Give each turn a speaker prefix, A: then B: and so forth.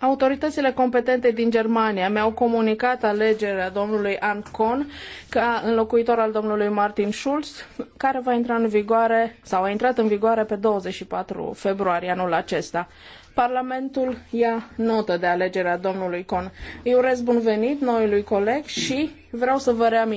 A: Autoritățile competente din Germania mi-au comunicat alegerea domnului Ann Kohn ca înlocuitor al domnului Martin Schulz, care va intra în vigoare sau a intrat în vigoare pe 24 februarie anul acesta. Parlamentul ia notă de alegerea domnului Con. Îi urez bun venit noului coleg și
B: vreau să vă reamintesc